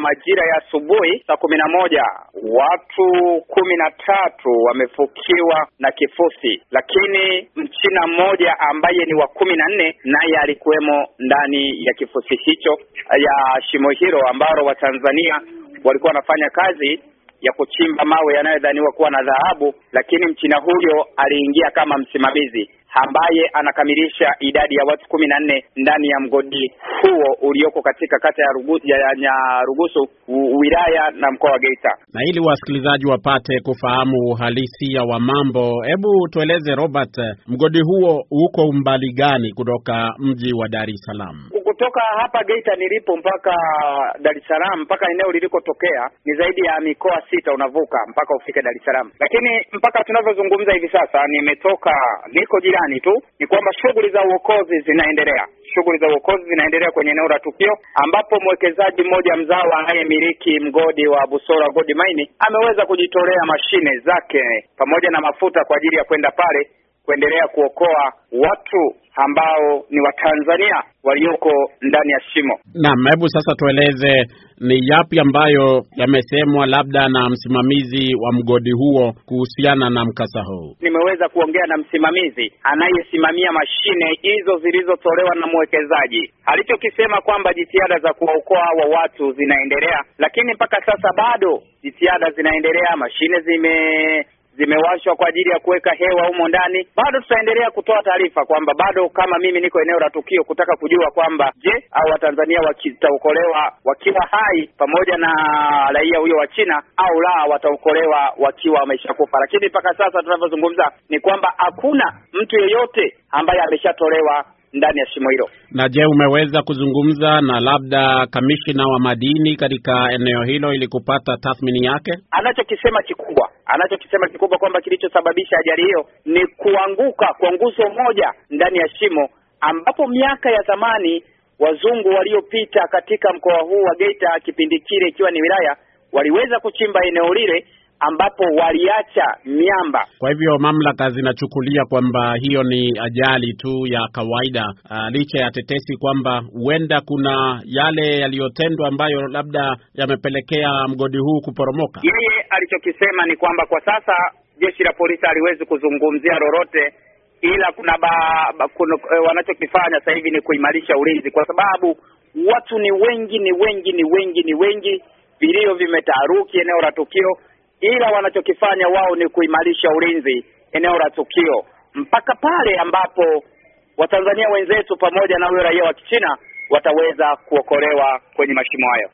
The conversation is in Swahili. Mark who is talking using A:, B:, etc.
A: majira ya asubuhi saa kumi na moja watu kumi na tatu wamefukiwa na kifusi, lakini mchina mmoja ambaye ni wa kumi na nne naye alikuwemo ndani ya kifusi hicho ya shimo hilo ambalo Watanzania walikuwa wanafanya kazi ya kuchimba mawe yanayodhaniwa kuwa na dhahabu, lakini mchina huyo aliingia kama msimamizi ambaye anakamilisha idadi ya watu kumi na nne ndani ya mgodi huo ulioko katika kata ya Rugusu, ya Nyarugusu wilaya na mkoa wa Geita.
B: Na ili wasikilizaji wapate kufahamu uhalisia wa mambo, hebu tueleze Robert, mgodi huo uko umbali gani kutoka mji wa Dar es Salaam?
A: kutoka hapa Geita nilipo mpaka Dar es Salaam, mpaka eneo lilikotokea ni zaidi ya mikoa sita, unavuka mpaka ufike Dar es Salaam. Lakini mpaka tunavyozungumza hivi sasa, nimetoka niko jirani tu, ni kwamba shughuli za uokozi zinaendelea shughuli za uokozi zinaendelea kwenye eneo la tukio ambapo mwekezaji mmoja mzawa anayemiliki mgodi wa Busora Gold Mine ameweza kujitolea mashine zake pamoja na mafuta kwa ajili ya kwenda pale kuendelea kuokoa watu ambao ni Watanzania walioko ndani ya shimo.
B: Naam, hebu sasa tueleze ni yapi ambayo yamesemwa labda na msimamizi wa mgodi huo kuhusiana na mkasa huu?
A: Nimeweza kuongea na msimamizi anayesimamia mashine hizo zilizotolewa na mwekezaji. Alichokisema kwamba jitihada za kuwaokoa hawa watu zinaendelea, lakini mpaka sasa bado jitihada zinaendelea, mashine zime zimewashwa kwa ajili ya kuweka hewa humo ndani. Bado tutaendelea kutoa taarifa kwamba bado kama mimi niko eneo la tukio kutaka kujua kwamba je, au Watanzania wakitaokolewa wakiwa hai pamoja na raia huyo wa China au la wataokolewa wakiwa wameshakufa. Lakini mpaka sasa tunavyozungumza ni kwamba hakuna mtu yeyote ambaye ameshatolewa ndani ya shimo hilo.
B: Na je, umeweza kuzungumza na labda kamishina wa madini katika eneo hilo ili kupata tathmini yake?
A: Anachokisema kikubwa Anachokisema kikubwa kwamba kilichosababisha ajali hiyo ni kuanguka kwa nguzo moja ndani ya shimo, ambapo miaka ya zamani wazungu waliopita katika mkoa huu wa Geita, kipindi kile ikiwa ni wilaya, waliweza kuchimba eneo lile ambapo waliacha miamba.
B: Kwa hivyo mamlaka zinachukulia kwamba hiyo ni ajali tu ya kawaida, uh, licha ya tetesi kwamba huenda kuna yale yaliyotendwa ambayo labda yamepelekea mgodi huu kuporomoka.
A: Yeye alichokisema ni kwamba kwa sasa jeshi la polisi haliwezi kuzungumzia lolote, ila kuna, ba, kuna e, wanachokifanya sasa hivi ni kuimarisha ulinzi kwa sababu watu ni wengi, ni wengi, ni wengi, ni wengi. Vilio vimetaharuki eneo la tukio ila wanachokifanya wao ni kuimarisha ulinzi eneo la tukio mpaka pale ambapo Watanzania wenzetu pamoja na huyo raia wa Kichina wataweza kuokolewa kwenye mashimo hayo.